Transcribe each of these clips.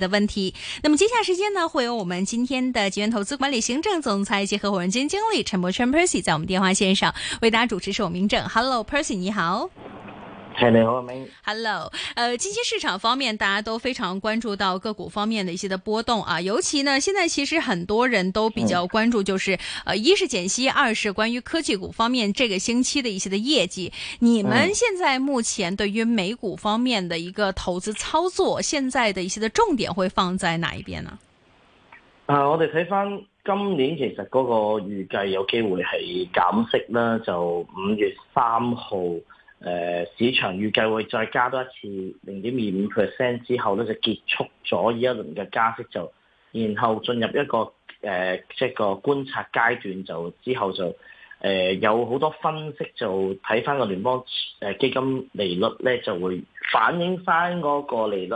的問題。那麼，接下時間呢，會有我們今天的集源投資管理行政總裁及合伙人兼經理陳柏軒 Percy 在我們電話線上為大家主持首名正。Hello，Percy，你好。Hello，哈、呃、嘍。誒，近期市場方面，大家都非常關注到個股方面的一些的波動啊。尤其呢，現在其實很多人都比較關注，就是誒、嗯呃，一是減息，二是關於科技股方面這個星期的一些的業績。你們現在目前對於美股方面的一個投資操作，現在的一些的重點會放在哪一邊呢？啊、呃，我哋睇翻今年其實嗰個預計有機會係減息啦，就五月三號。誒、呃、市場預計會再加多一次零點二五 percent 之後咧，就結束咗呢一輪嘅加息就，就然後進入一個誒即係個觀察階段就，就之後就誒、呃、有好多分析就睇翻個聯邦誒基金利率咧，就會反映翻嗰個利率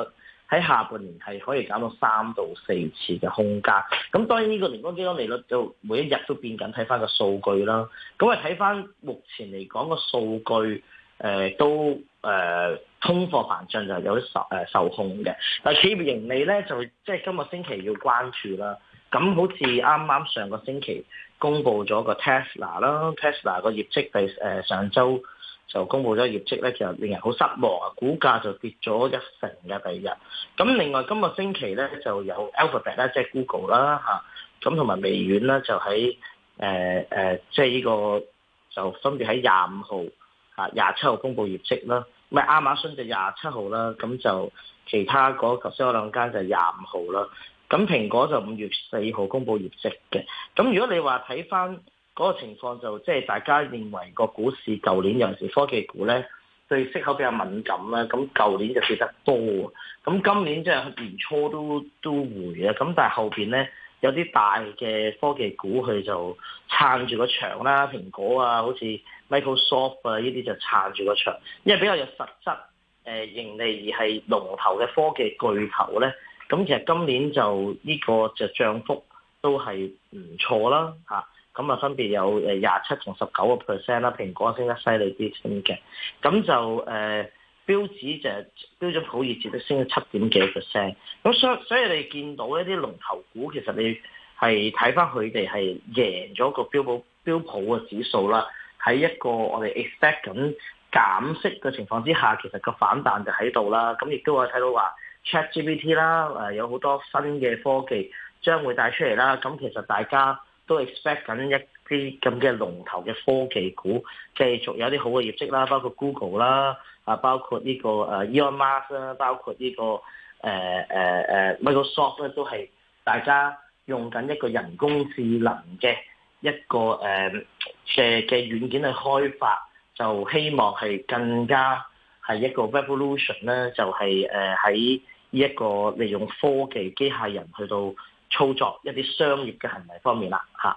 喺下半年係可以減到三到四次嘅空間。咁當然呢個聯邦基金利率就每一日都變緊，睇翻個數據啦。咁啊睇翻目前嚟講個數據。誒、呃、都誒、呃、通貨膨脹就有啲受、呃、受控嘅，但企業盈利咧就即係今個星期要關注啦。咁好似啱啱上個星期公布咗個 Tesla 啦，Tesla 個業績第、呃、上週就公布咗業績咧，就令人好失望啊，股價就跌咗一成嘅第二日。咁另外今個星期咧就有 Alphabet 啦，即係 Google 啦嚇，咁同埋微軟啦，就喺誒、呃、即係呢、呢個就分別喺廿五號。啊，廿七號公布業績啦，咪亞馬遜就廿七號啦，咁就其他嗰頭先嗰兩間就廿五號啦，咁蘋果就五月四號公布業績嘅。咁如果你話睇翻嗰個情況，就即係大家認為個股市舊年尤其係科技股咧，對息口比較敏感啦，咁舊年就跌得多，咁今年即係年初都都回嘅。咁但係後邊咧有啲大嘅科技股佢就撐住個場啦，蘋果啊，好似。Microsoft 啊，呢啲就撐住個場，因為比較有實質誒盈利而係龍頭嘅科技巨頭咧。咁其實今年就呢個就漲幅都係唔錯啦，嚇。咁啊分別有誒廿七同十九個 percent 啦，蘋果升得犀利啲先嘅。咁就誒、呃、標指就標準普爾只得升咗七點幾 percent。咁所所以你見到一啲龍頭股，其實你係睇翻佢哋係贏咗個標普標普嘅指數啦。喺一個我哋 expect 緊減息嘅情況之下，其實個反彈就喺度啦。咁亦都話睇到話 ChatGPT 啦，誒有好多新嘅科技將會帶出嚟啦。咁其實大家都 expect 緊一啲咁嘅龍頭嘅科技股繼續有啲好嘅業績啦，包括 Google 啦，啊包括呢個誒 Elon Musk 啦，包括呢個、e 括這個呃呃、Microsoft 咧都係大家用緊一個人工智能嘅一個、呃嘅嘅軟件嘅開發就希望係更加係一個 revolution 咧，就係誒喺呢一個利用科技機械人去到操作一啲商業嘅行為方面啦，嚇。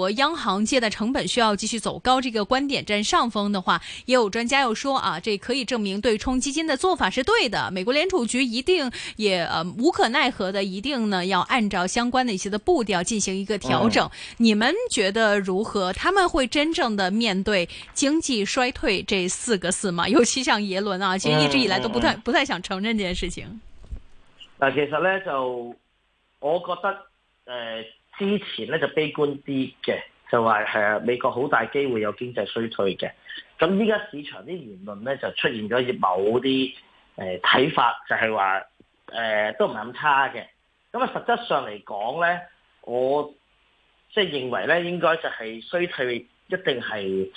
國央行借貸成本需要繼續走高，這個觀點佔上風的話，也有專家又說啊，這可以證明對沖基金的做法是對的。美國聯儲局一定也呃無可奈何的，一定呢要按照相關的一些的步調進行一個調整。嗯、你們覺得如何？他們會真正的面對經濟衰退這四個字嗎？尤其像耶倫啊，其實一直以來都不太、嗯、不太，不太想承認這件事情。那其實呢，就我覺得，呃。之前咧就悲觀啲嘅，就話係美國好大機會有經濟衰退嘅。咁依家市場啲言論咧就出現咗某啲誒睇法，就係話誒都唔係咁差嘅。咁啊，實質上嚟講咧，我即係、就是、認為咧，應該就係衰退一定係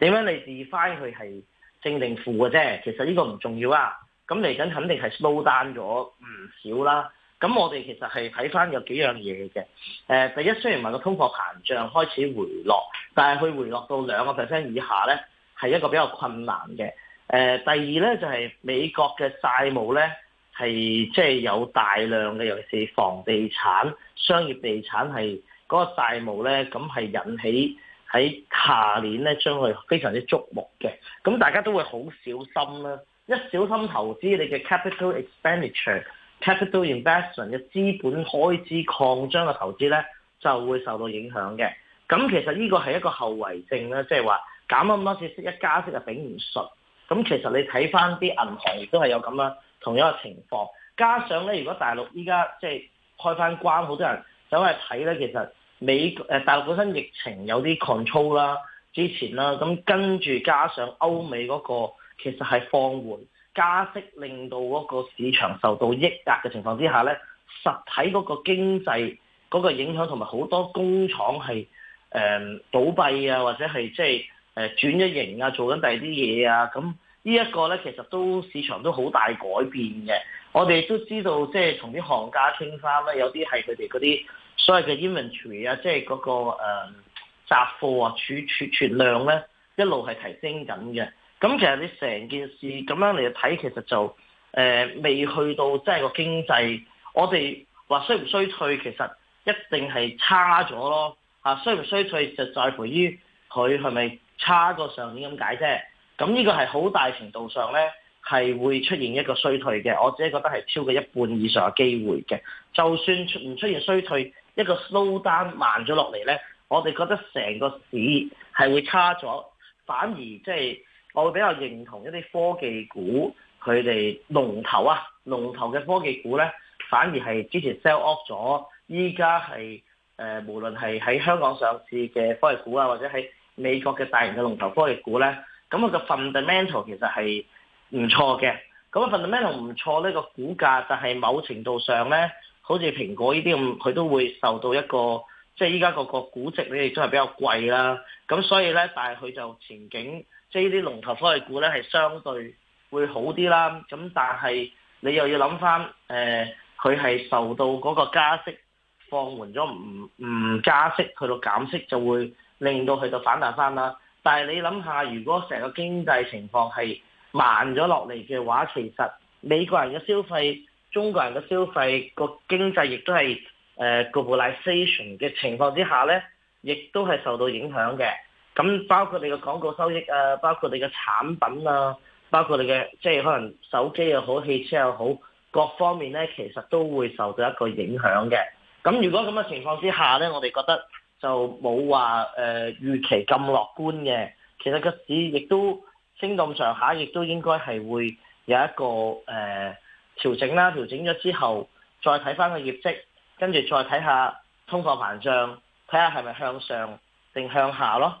點樣？你計翻佢係正定負嘅啫。其實呢個唔重要啊。咁嚟緊肯定係 slow down 咗唔少啦。咁我哋其實係睇返有幾樣嘢嘅，誒、呃、第一雖然話個通貨膨脹開始回落，但係佢回落到兩個 percent 以下咧，係一個比較困難嘅。誒、呃、第二咧就係、是、美國嘅債務咧係即係有大量嘅，尤其是房地產、商業地產係嗰、那個債務咧，咁係引起喺下年咧將會非常之矚目嘅。咁大家都會好小心啦，一小心投資你嘅 capital expenditure。capital investment 嘅資本開支擴張嘅投資咧，就會受到影響嘅。咁其實呢個係一個後遺症啦，即係話減咗咁多次息，一加息就頂唔順。咁其實你睇翻啲銀行亦都係有咁樣同樣嘅情況。加上咧，如果大陸依家即係開翻關，好多人走去睇咧，其實美國大陸本身疫情有啲 control 啦，之前啦，咁跟住加上歐美嗰、那個其實係放緩。加息令到嗰個市場受到抑壓嘅情況之下咧，實體嗰個經濟嗰個影響，同埋好多工廠係誒倒閉啊，或者係即係誒轉咗型啊，做緊第二啲嘢啊，咁呢一個咧，其實都市場都好大改變嘅。我哋都知道即係同啲行家傾翻咧，有啲係佢哋嗰啲所謂嘅 inventory 啊，即係嗰個誒雜貨啊，儲儲存量咧一路係提升緊嘅。咁其實你成件事咁樣嚟睇，其實就誒未、呃、去到即係、就是、個經濟，我哋話衰唔衰退，其實一定係差咗咯。嚇、啊，衰唔衰退就在乎於佢係咪差過上年咁解啫。咁呢個係好大程度上咧，係會出現一個衰退嘅。我自己覺得係超過一半以上嘅機會嘅。就算唔出現衰退，一個 slow down 慢咗落嚟咧，我哋覺得成個市係會差咗，反而即、就、係、是。我會比較認同一啲科技股，佢哋龍頭啊，龍頭嘅科技股咧，反而係之前 sell off 咗，依家係誒，無論係喺香港上市嘅科技股啊，或者喺美國嘅大型嘅龍頭科技股咧，咁佢嘅 fundamental 其實係唔錯嘅。咁啊，fundamental 唔錯呢，呢、呢個股價，但係某程度上咧，好似蘋果呢啲咁，佢都會受到一個即係依家個個估值呢，你亦都係比較貴啦。咁所以咧，但係佢就前景。即係啲龍頭科技股咧，係相對會好啲啦。咁但係你又要諗翻，誒佢係受到嗰個加息放緩咗，唔唔加息去到減息就會令到佢就反彈翻啦。但係你諗下，如果成個經濟情況係慢咗落嚟嘅話，其實美國人嘅消費、中國人嘅消費、個經濟亦都係誒 globalisation 嘅情況之下咧，亦都係受到影響嘅。咁包括你嘅廣告收益啊，包括你嘅產品啊，包括你嘅即係可能手機又好，汽車又好，各方面咧，其實都會受到一個影響嘅。咁如果咁嘅情況之下咧，我哋覺得就冇話誒預期咁樂觀嘅。其實個市亦都升咁上下，亦都應該係會有一個誒調整啦。調整咗之後，再睇翻個業績，跟住再睇下通貨膨脹，睇下係咪向上定向下咯。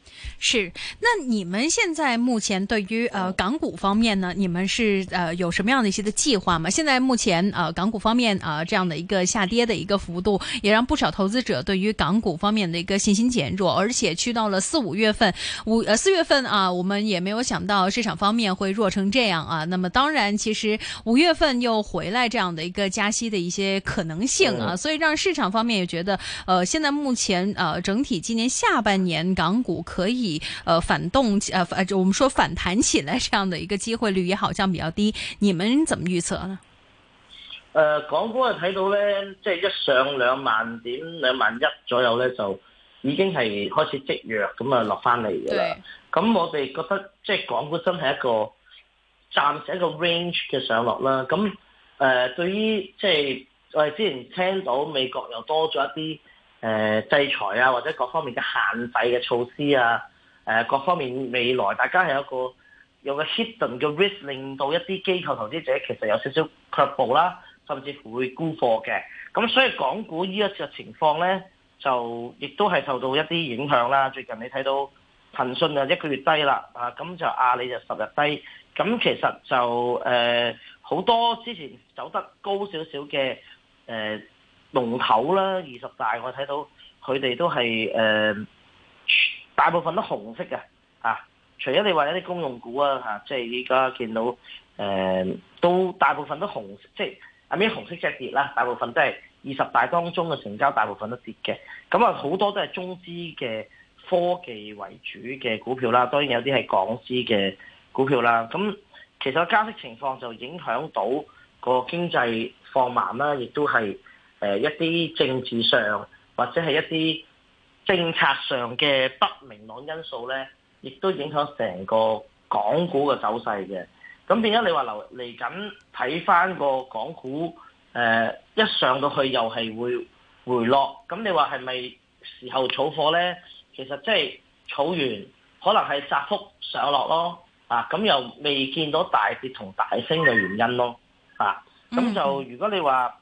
是，那你們現在目前對於呃港股方面呢，你們是呃有什麼樣的一些的計劃嗎？現在目前啊、呃、港股方面啊、呃、這樣的一個下跌的一個幅度，也讓不少投資者對於港股方面的一個信心減弱。而且去到了四五月份五呃四月份啊，我們也沒有想到市場方面會弱成這樣啊。那麼當然，其實五月份又回來這樣的一個加息的一些可能性、嗯、啊，所以讓市場方面也覺得呃現在目前呃整體今年下半年港股。可以，呃，反動，呃、啊，呃，就我們說反彈起來，這樣的一個機會率也好像比較低，你們怎麼預測呢？呃，港股啊睇到咧，即係一上兩萬點兩萬一左右咧，就已經係開始積弱咁啊落翻嚟嘅啦。咁對我哋覺得即係港股真係一個暫時一個 range 嘅上落啦。咁誒、呃，對於即係我哋之前聽到美國又多咗一啲。誒、呃、制裁啊，或者各方面嘅限制嘅措施啊、呃，各方面未來大家係，有一個有一個 hidden 嘅 risk 令到一啲機構投資者其實有少少卻步啦，甚至乎會沽貨嘅。咁所以港股呢一個情況咧，就亦都係受到一啲影響啦。最近你睇到騰訊啊一個月低啦，啊咁就阿里就十日低，咁其實就誒好、呃、多之前走得高少少嘅。誒。呃龍頭啦，二十大我睇到佢哋都係、呃、大部分都紅色嘅、啊、除咗你話一啲公用股啊，啊，即係依家見到、呃、都大部分都紅色，即係阿邊紅色隻跌啦，大部分都係二十大當中嘅成交，大部分都跌嘅。咁啊，好多都係中資嘅科技為主嘅股票啦，當然有啲係港資嘅股票啦。咁其實加息情況就影響到個經濟放慢啦，亦都係。誒一啲政治上或者係一啲政策上嘅不明朗因素咧，亦都影響成個港股嘅走勢嘅。咁變咗你話留嚟緊睇翻個港股？誒一上到去又係會回落。咁你話係咪時候儲貨咧？其實即係儲完可能係窄幅上落咯。啊，咁又未見到大跌同大升嘅原因咯。啊，咁就如果你話。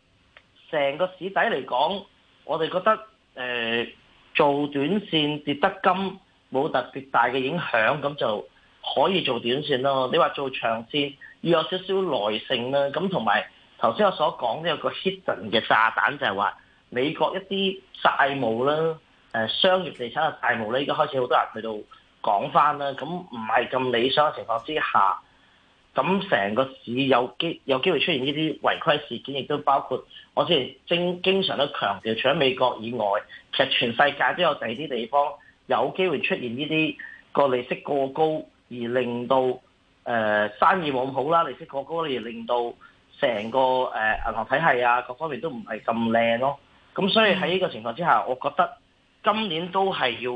成個市底嚟講，我哋覺得誒、呃、做短線跌得金冇特別大嘅影響，咁就可以做短線咯。你話做長線要有少少耐性啦。咁同埋頭先我所講呢有個 hidden 嘅炸彈就係、是、話美國一啲債務啦、誒、呃、商業地產嘅債務咧，依家開始好多人都喺度講翻啦。咁唔係咁理想嘅情況之下。咁成個市有機有機會出現呢啲違規事件，亦都包括我之前經經常都強調，除咗美國以外，其實全世界都有第二啲地方有機會出現呢啲個利息過高，而令到生意冇咁好啦。利息過高，而令到成個銀行體系啊，各方面都唔係咁靚咯。咁所以喺呢個情況之下，我覺得今年都係要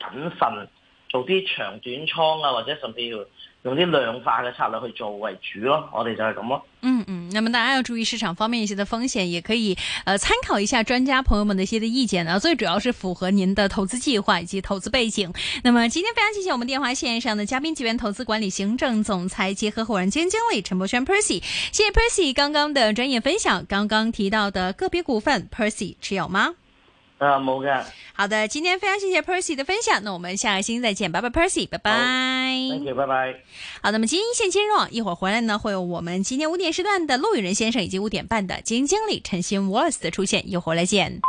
謹慎做啲長短倉啊，或者甚至要，用啲量化嘅策略去做為主咯，我哋就係咁咯。嗯嗯，那麼大家要注意市場方面一些嘅風險，也可以呃參考一下專家朋友們的一些意見啊。最主要是符合您的投資計劃以及投資背景。那麼今天非常謝謝我們電話線上的嘉賓，吉元投資管理行政總裁及合夥人兼經理陳柏軒 Percy，謝謝 Percy 剛剛的專業分享。剛剛提到的個別股份，Percy 持有嗎？啊，冇、uh, 好的，今天非常謝謝 Percy 的分享，那我們下個星期再見，拜拜，Percy，拜拜。Oh, thank you, bye bye. 好，多謝拜拜。好，那麼今天一線金融啊，一會兒回來呢會有我們今天五點時段的陸宇仁先生以及五點半的基金經理陳新 Wallace 的出現，又回來見。